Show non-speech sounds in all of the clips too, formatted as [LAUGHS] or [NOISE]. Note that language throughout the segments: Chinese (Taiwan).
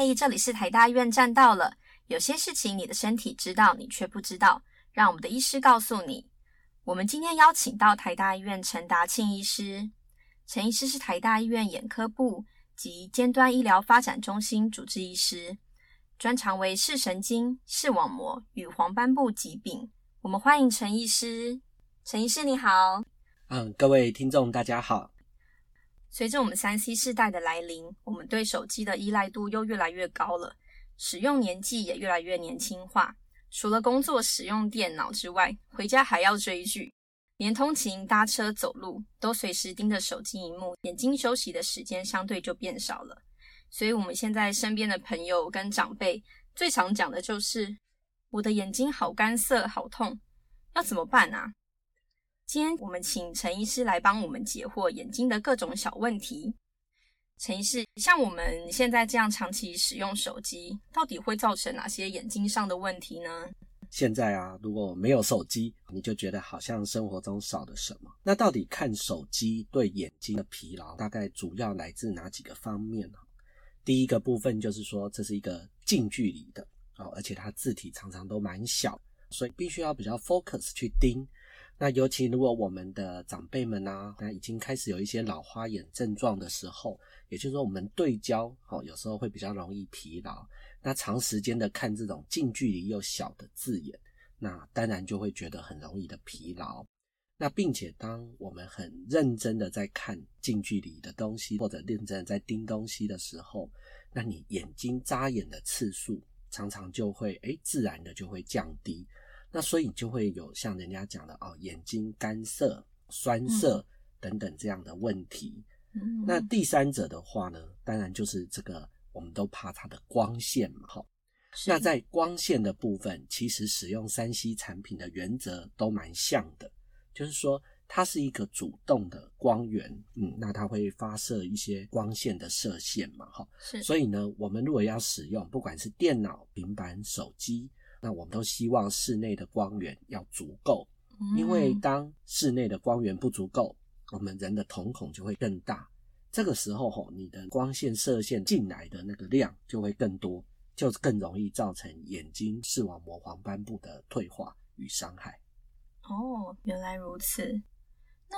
Hey, 這裡是台大醫院站到了，有些事情你的身體知道，你卻不知道，讓我們的醫師告訴你。我們今天邀請到台大醫院陳達慶醫師，陳醫師是台大醫院眼科部及尖端醫療發展中心主治醫師，專長為視神經、視網膜與黃斑部疾病。我們歡迎陳醫師。陳醫師你好，嗯，各位聽眾大家好。隨着我們 3C 世代的來臨，我們對手機的依賴度又越來越高了，使用年紀也越來越年輕化。除了工作使用電腦之外，回家還要追劇，連通勤搭車、走路都隨時盯着手機熒幕，眼睛休息的時間相對就變少了。所以，我們現在身邊的朋友跟長輩最常講的就是：“我的眼睛好乾澀、好痛，要怎麼辦啊？”今天我們請陳醫師來幫我們解惑眼睛的各種小問題。陳醫師，像我們現在這樣長期使用手機，到底會造成哪些眼睛上的問題呢？現在啊，如果沒有手機，你就覺得好像生活中少了什麼。那到底看手機對眼睛的疲勞，大概主要來自哪幾個方面呢？第一個部分就是說，這是一個近距離的啊，而且它字體常常都蠻小，所以必須要比較 focus 去盯。那尤其如果我們的長輩們啊，那已經開始有一些老花眼症狀的時候，也就是說我們對焦、哦，有時候會比較容易疲勞。那長時間的看這種近距離又小的字眼，那當然就會覺得很容易的疲勞。那並且當我們很認真的在看近距離的東西，或者認真的在盯東西的時候，那你眼睛眨眼的次數常常就會誒、哎、自然的就會降低。那所以就會有像人家講的哦，眼睛乾澀、酸澀等等這樣的問題。嗯嗯、那第三者的話呢，當然就是這個，我們都怕它的光線嘛，哈是。那在光線的部分，其實使用 3C 產品的原則都蠻像的，就是說它是一個主動的光源，嗯，那它會發射一些光線的射線嘛，哈是。所以呢，我們如果要使用，不管是電腦、平板、手機。那我們都希望室內的光源要足夠，嗯，因為當室內的光源不足夠，我們人的瞳孔就會更大。這個時候，吼，你的光線射線進來的那個量就會更多，就更容易造成眼睛視網膜黃斑部的退化與傷害。哦，原來如此。那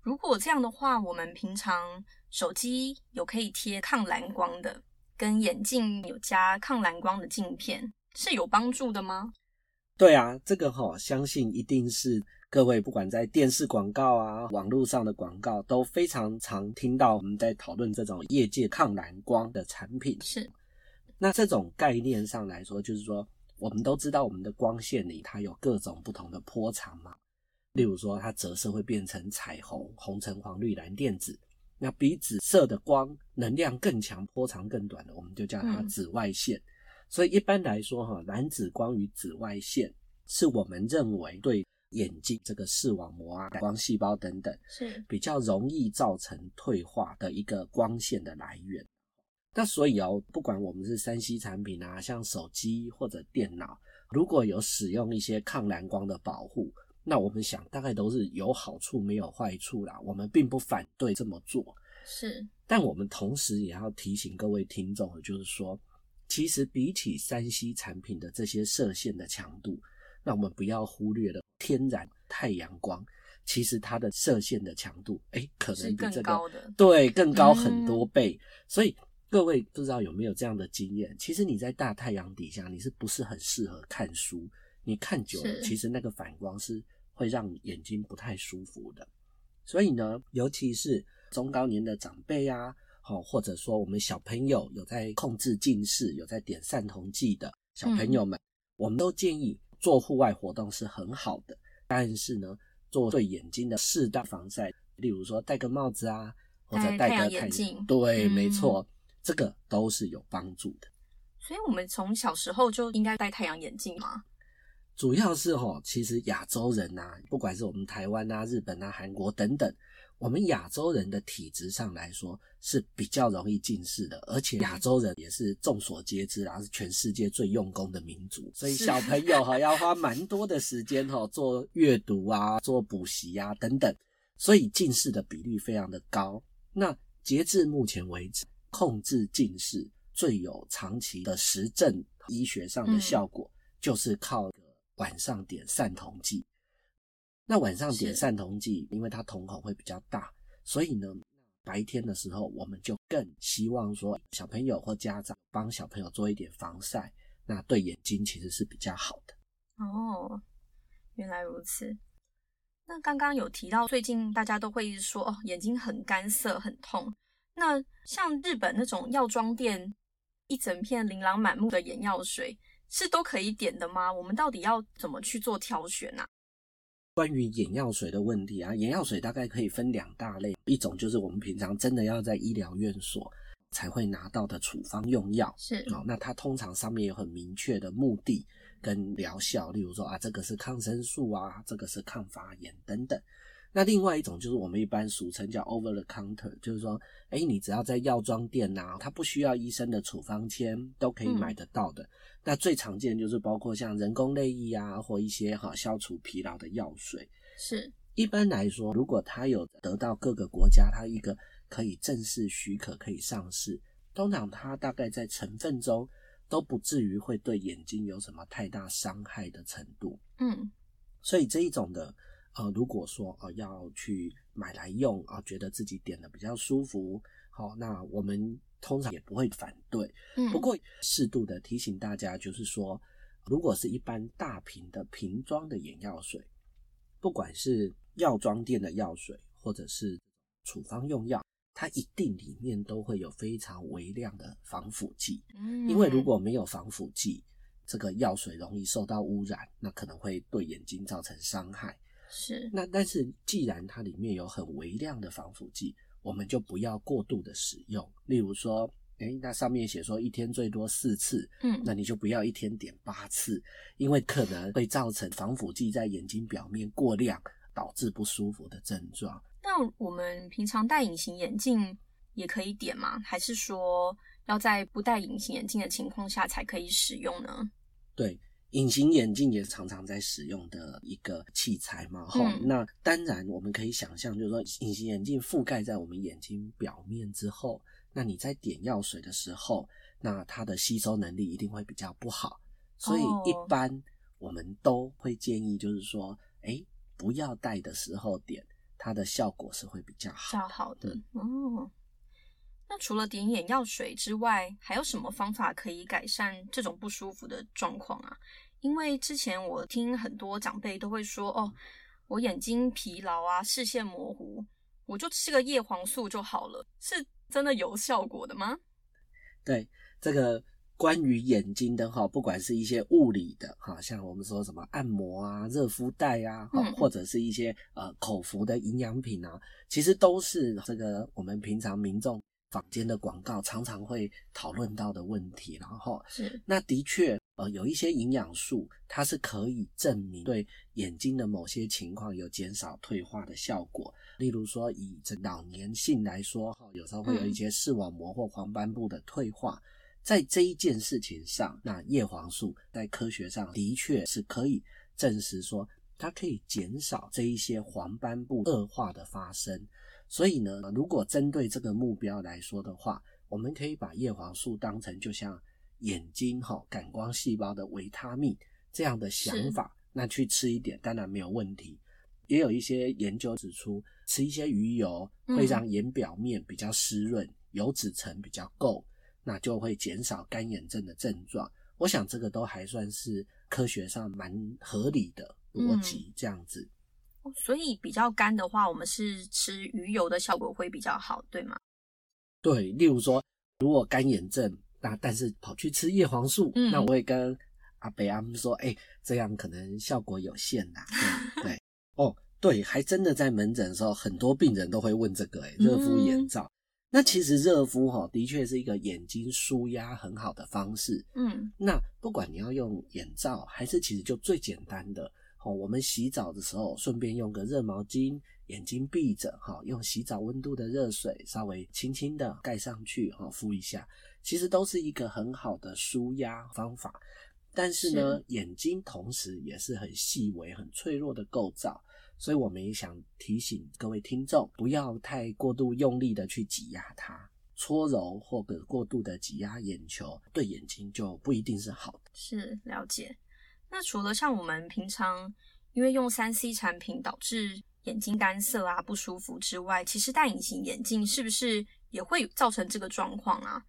如果這樣的話，我們平常手機有可以貼抗藍光的，跟眼鏡有加抗藍光的鏡片。是有幫助的嗎？對啊，這個吼、哦、相信一定是各位不管在電視廣告啊、網絡上的廣告都非常常聽到我們在討論這種業界抗藍光的產品。是。那這種概念上來說，就是說我們都知道我們的光線裡它有各種不同的波長嘛，例如說它折射會變成彩虹，紅橙黃綠藍靛紫。那比紫色的光能量更強、波長更短的，我們就叫它紫外線。嗯所以一般來說，哈藍紫光與紫外線是我們認為對眼睛這個視網膜啊、感光細胞等等是比較容易造成退化的一個光線的來源。那所以哦，不管我們是 3C 產品啊，像手機或者電腦，如果有使用一些抗藍光的保護，那我們想大概都是有好處沒有壞處啦。我們並不反對這麼做。是，但我們同時也要提醒各位聽眾，就是說。其實比起 3C 產品的這些射線的強度，那我們不要忽略了天然太陽光，其實它的射線的強度，誒、欸，可能比這個更高的對，更高很多倍。嗯、所以各位不知道有沒有這樣的經驗，其實你在大太陽底下，你是不是很適合看書？你看久了，是其實那個反光是會讓眼睛不太舒服的。所以呢，尤其是中高年的長輩啊。哦，或者說我們小朋友有在控制近視，有在點散瞳劑的小朋友們，嗯、我們都建議做戶外活動是很好的。但是呢，做對眼睛的適當防曬，例如說戴個帽子啊，或者戴個太陽，太陽眼鏡，對，嗯、沒錯，這個都是有幫助的。所以，我們從小時候就應該戴太陽眼鏡嗎？主要是哈、哦，其實亞洲人吶、啊，不管是我們台灣啊、日本啊、韓國等等。我們亞洲人的體質上來說是比較容易近視的，而且亞洲人也是眾所皆知而、啊、是全世界最用功的民族，所以小朋友哈、啊、要花蠻多的時間哈、哦、做閱讀啊、做補習啊等等，所以近視的比例非常的高。那截至目前為止，控制近視最有長期的實證醫學上的效果，就是靠個晚上點散瞳劑。那晚上點散瞳劑，是因為它瞳孔會比較大，所以呢，白天的時候我們就更希望說，小朋友或家長幫小朋友做一點防曬，那對眼睛其實是比較好的。哦，原來如此。那剛剛有提到，最近大家都會一直說，哦，眼睛很乾澀、很痛。那像日本那種藥妝店，一整片琳琅滿目的眼藥水，是都可以點的嗎？我們到底要怎麼去做挑選啊？關於眼藥水的問題啊，眼藥水大概可以分兩大類，一種就是我們平常真的要在醫療院所才會拿到的處方用藥，是好、哦，那它通常上面有很明確的目的跟療效，例如說啊，這個是抗生素啊，這個是抗發炎等等。那另外一種就是我們一般俗稱叫 over the counter，就是說，哎、欸，你只要在藥妝店吶、啊，它不需要醫生的處方簽，都可以買得到的。嗯、那最常見就是包括像人工淚液啊，或一些哈、啊、消除疲勞的藥水。是，一般來說，如果它有得到各個國家它一個可以正式許可可以上市，通常它大概在成分中都不至於會對眼睛有什麼太大傷害的程度。嗯，所以這一種的。呃，如果說呃要去買來用啊、呃，覺得自己點的比較舒服，好、哦，那我們通常也不會反對。嗯，不過適度的提醒大家，就是說，如果是一般大瓶的瓶裝的眼藥水，不管是藥妝店的藥水，或者是處方用藥，它一定裡面都會有非常微量的防腐劑。嗯，因為如果沒有防腐劑，這個藥水容易受到污染，那可能會對眼睛造成傷害。是，那但是既然它裡面有很微量的防腐劑，我們就不要過度的使用。例如說，哎、欸，那上面寫說一天最多四次，嗯，那你就不要一天點八次，因為可能會造成防腐劑在眼睛表面過量，導致不舒服的症狀。那我們平常戴隱形眼鏡也可以點嗎？還是說要在不戴隱形眼鏡的情況下才可以使用呢？對。隱形眼鏡也常常在使用的一個器材嘛，哈、嗯。那當然我們可以想象，就是說隱形眼鏡覆蓋在我們眼睛表面之後，那你在點藥水的時候，那它的吸收能力一定會比較不好。所以一般我們都會建議，就是說，哎、哦欸，不要戴的時候點，它的效果是會比較好的。比較好的，哦、嗯。那除了點眼藥水之外，還有什麼方法可以改善這種不舒服的狀況啊？因為之前我聽很多長輩都會說：“哦，我眼睛疲勞啊，視線模糊，我就吃個葉黃素就好了。”是真的有效果的嗎？對，這個關於眼睛的哈，不管是一些物理的哈，像我們說什麼按摩啊、熱敷袋啊，嗯、或者是一些呃口服的營養品啊，其實都是這個我們平常民眾。坊間的廣告常常會討論到的問題，然後，那的確，呃，有一些營養素，它是可以證明對眼睛的某些情況有減少退化的效果。例如說，以這老年性來說，哈、哦，有時候會有一些視網膜或黃斑部的退化，嗯、在這一件事情上，那葉黃素在科學上的確是可以證實說，它可以減少這一些黃斑部惡化的發生。所以呢，如果針對這個目標來說的話，我們可以把葉黃素當成就像眼睛哈、哦、感光細胞的維他命這樣的想法，是那去吃一點當然沒有問題。也有一些研究指出，吃一些魚油會讓眼表面比較濕潤，嗯、油脂層比較夠，那就會減少乾眼症的症狀。我想這個都還算是科學上蠻合理的邏輯、嗯、這樣子。所以比較乾的話，我們是吃魚油的效果會比較好，對嗎？對，例如說，如果乾眼症，那但是跑去吃葉黃素，嗯、那我會跟阿北阿姆說，哎、欸，這樣可能效果有限的、啊。對，對 [LAUGHS] 哦，對，還真的在門診的時候，很多病人都會問這個、欸，哎，熱敷眼罩。嗯、那其實熱敷哈、哦，的確是一個眼睛舒壓很好的方式。嗯，那不管你要用眼罩，還是其實就最簡單的。好、哦，我們洗澡的時候，順便用個熱毛巾，眼睛閉着，哈、哦，用洗澡溫度的熱水，稍微輕輕的蓋上去，好、哦，敷一下，其實都是一個很好的舒壓方法。但是呢，是眼睛同時也是很細微、很脆弱的構造，所以我們也想提醒各位聽眾，不要太過度用力的去擠壓它，搓揉或者過度的擠壓眼球，對眼睛就不一定是好的。是了解。那除了像我們平常因為用 3C 產品導致眼睛乾澀啊不舒服之外，其實戴隱形眼鏡是不是也會造成這個狀況啊？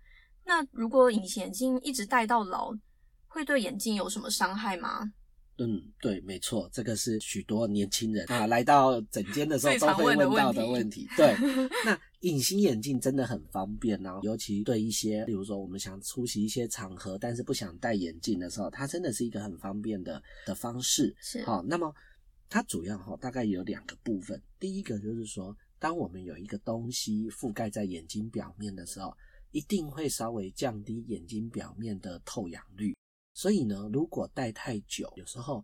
那如果隱形眼鏡一直戴到老，會對眼睛有什麼傷害嗎？嗯，對，沒錯，這個是許多年輕人啊來到診間的時候問的問都會問到的問題。對，那隱形眼鏡真的很方便呢，尤其對一些，比如說我們想出席一些場合，但是不想戴眼鏡的時候，它真的是一個很方便的的方式。是，好、哦，那麼它主要哈、哦、大概有兩個部分，第一個就是說，當我們有一個東西覆蓋在眼睛表面的時候，一定會稍微降低眼睛表面的透氧率。所以呢，如果戴太久，有時候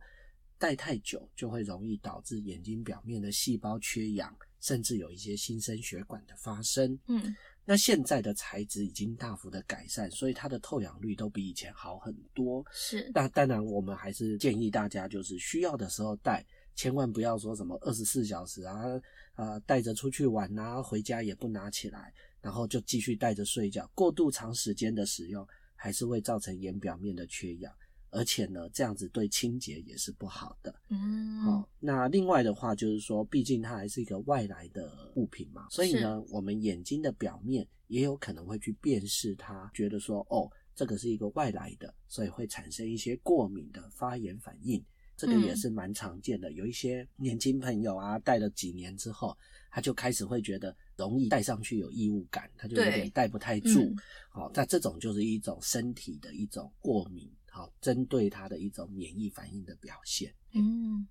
戴太久就會容易導致眼睛表面的細胞缺氧，甚至有一些新生血管的發生。嗯，那現在的材質已經大幅的改善，所以它的透氧率都比以前好很多。是。那當然，我們還是建議大家就是需要的時候戴，千萬不要說什麼二十四小時啊，呃，戴着出去玩吶、啊，回家也不拿起來，然後就繼續戴着睡覺，過度長時間的使用。還是會造成眼表面的缺氧，而且呢，這樣子對清潔也是不好的。嗯，好。哦，那另外的話就是說，畢竟它還是一個外來的物品嘛，所以呢，是我們眼睛的表面也有可能會去辨識它，覺得說，哦，這個是一個外來的，所以會產生一些過敏的發炎反應。這個也是蠻常見的，嗯、有一些年輕朋友啊，戴了幾年之後，他就開始會覺得容易戴上去有異物感，對他就有點戴不太住。好、嗯哦，那這種就是一種身體的一種過敏，好、哦，針對他的一種免疫反應的表現。嗯，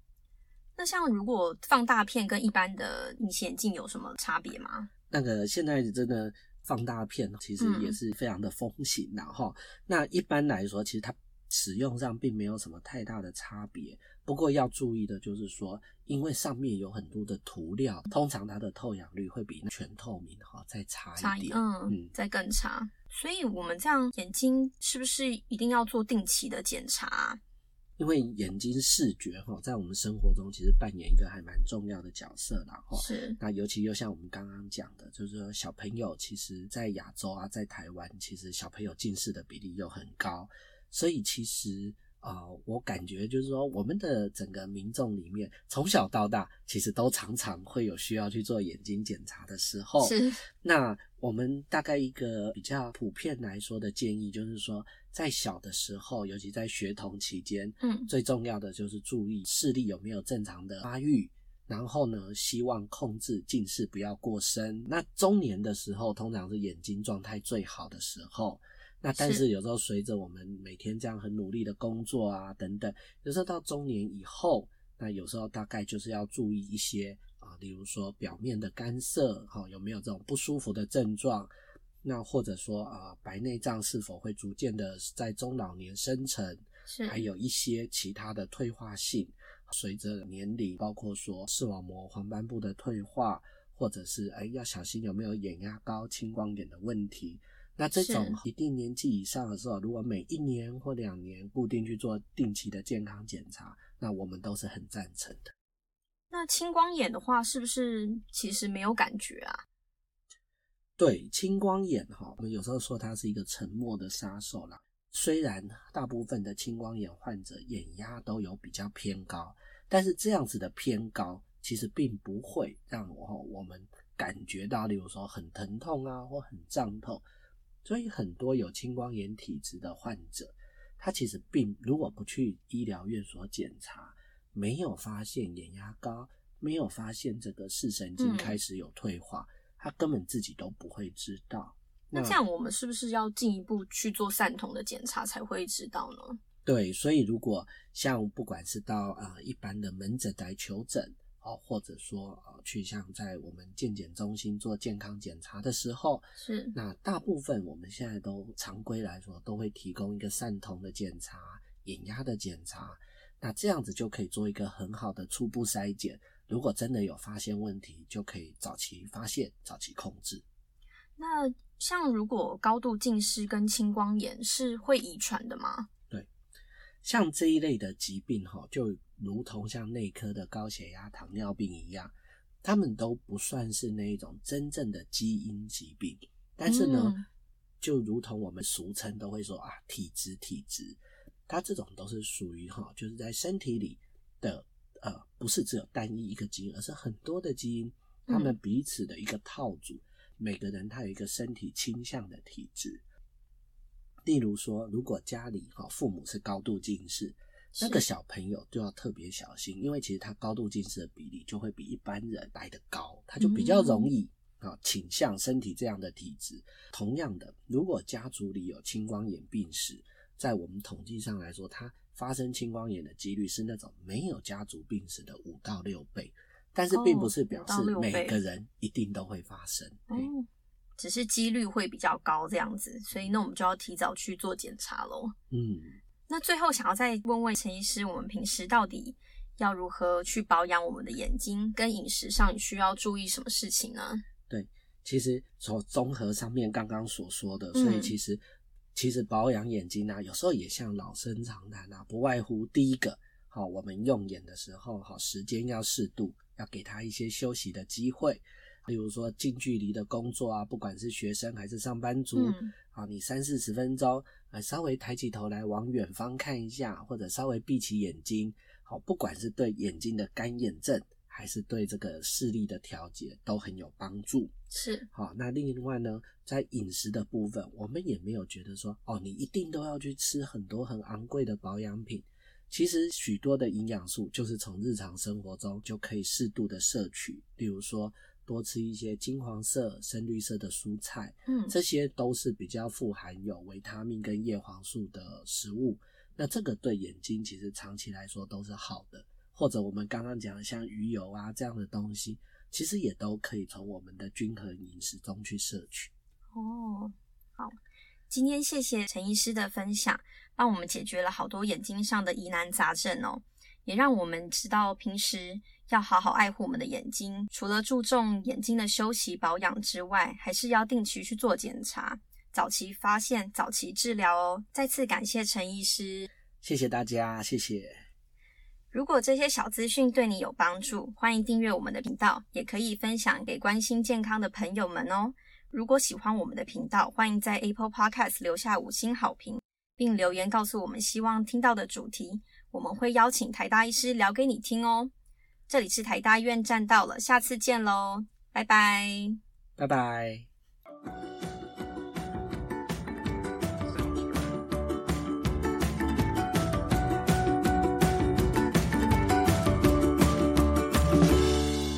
那像如果放大片跟一般的隱形眼鏡有什麼差別嗎？那個現在真的放大片其實也是非常的風行，然、啊、後、嗯、那一般來說，其實它。使用上並沒有什麼太大的差別，不過要注意的就是說，因為上面有很多的塗料，通常它的透氧率會比全透明哈再差一點，嗯，嗯再更差。所以，我們這樣眼睛是不是一定要做定期的檢查啊？因為眼睛視覺哈，在我們生活中其實扮演一個還蠻重要的角色啦。哈。是。那尤其又像我們剛剛講的，就是說小朋友其實在亞洲啊，在台灣，其實小朋友近視的比例又很高。所以其實啊，呃，我感覺就是說，我們的整個民眾裡面，從小到大其實都常常會有需要去做眼睛檢查的時候。是。那我們大概一個比較普遍來說的建議就是說，在小的時候，尤其在學童期間，嗯，最重要的就是注意視力有沒有正常的發育，然後呢，希望控制近視不要過深。那中年的時候，通常是眼睛狀態最好的時候。那但是有時候隨着我們每天這樣很努力的工作啊等等，是有時候到中年以後，那有時候大概就是要注意一些啊，例如說表面的乾澀哈，有沒有這種不舒服的症狀？那或者說啊，白內障是否會逐漸的在中老年生成？是還有一些其他的退化性，啊、隨着年齡，包括說視網膜黃斑部的退化，或者是哎、欸、要小心有沒有眼壓高、青光眼的問題。那這種一定年紀以上的時候，是如果每一年或兩年固定去做定期的健康檢查，那我們都是很贊成的。那青光眼的話，是不是其實沒有感覺啊？對，青光眼哈，我們有時候說它是一個沉默的殺手啦。雖然大部分的青光眼患者眼壓都有比較偏高，但是這樣子的偏高其實並不會讓我我們感覺到，例如說很疼痛啊，或很脹痛。所以很多有青光眼體質的患者，他其實並如果不去醫療院所檢查，沒有發現眼壓高，沒有發現這個視神經開始有退化，嗯、他根本自己都不會知道。那，那這樣我們是不是要進一步去做散瞳的檢查才會知道呢？對，所以如果像不管是到呃一般的門診來求診。哦，或者說，呃，去像在我們健檢中心做健康檢查的時候，是那大部分我們現在都常規來說都會提供一個散瞳的檢查、眼壓的檢查，那這樣子就可以做一個很好的初步篩檢。如果真的有發現問題，就可以早期發現、早期控制。那像如果高度近視跟青光眼是會遺傳的嗎？對，像這一類的疾病，哈、哦，就。如同像內科的高血壓、糖尿病一樣，他們都不算是那一種真正的基因疾病。但是呢，就如同我們俗稱都會說啊，體質、體質，它這種都是屬於哈，就是在身體裡的呃，不是只有單一一個基因，而是很多的基因，他們彼此的一個套組。每個人他有一個身體傾向的體質。例如說，如果家裡哈、哦、父母是高度近視。那個小朋友就要特別小心，是因為其實他高度近視的比例就會比一般人來得高，嗯、他就比較容易、嗯、啊傾向身體這樣的體質。同樣的，如果家族裡有青光眼病史，在我們統計上來說，他發生青光眼的幾率是那種沒有家族病史的五到六倍，但是並不是表示每個人一定都會發生，哦、對只是幾率會比較高這樣子，所以那我們就要提早去做檢查咯。嗯。那最後想要再問問陳醫師，我們平時到底要如何去保養我們的眼睛，跟飲食上需要注意什麼事情呢？對，其實從綜合上面剛剛所說的，所以其實、嗯、其實保養眼睛啊，有時候也像老生常談啊，不外乎第一個，好，我們用眼的時候，好，時間要適度，要給他一些休息的機會。例如說，近距離的工作啊，不管是學生還是上班族，啊、嗯，你三四十分鐘，啊，稍微抬起頭來往遠方看一下，或者稍微閉起眼睛，好，不管是對眼睛的乾眼症，還是對這個視力的調節，都很有幫助。是，好，那另外呢，在飲食的部分，我們也沒有覺得說，哦，你一定都要去吃很多很昂貴的保養品。其實許多的營養素就是從日常生活中就可以適度的攝取，例如說。多吃一些金黃色、深綠色的蔬菜，嗯，這些都是比較富含有維他命跟葉黃素的食物。那這個對眼睛其實長期來說都是好的。或者我們剛剛講的像魚油啊這樣的東西，其實也都可以從我們的均衡飲食中去攝取。哦，好，今天謝謝陳醫師的分享，幫我們解決了好多眼睛上的疑難雜症哦。也讓我們知道平時要好好愛護我們的眼睛。除了注重眼睛的休息保養之外，還是要定期去做檢查，早期發現，早期治療哦。再次感謝陳醫師，謝謝大家，謝謝。如果這些小資訊對你有幫助，歡迎訂閱我們的頻道，也可以分享給關心健康的朋友們哦。如果喜歡我們的頻道，歡迎在 Apple Podcast 留下五星好評，並留言告訴我們希望聽到的主題。我們會邀請台大醫師聊給你聽哦。這裡是台大醫院站到了，下次見嘍，拜拜，拜拜。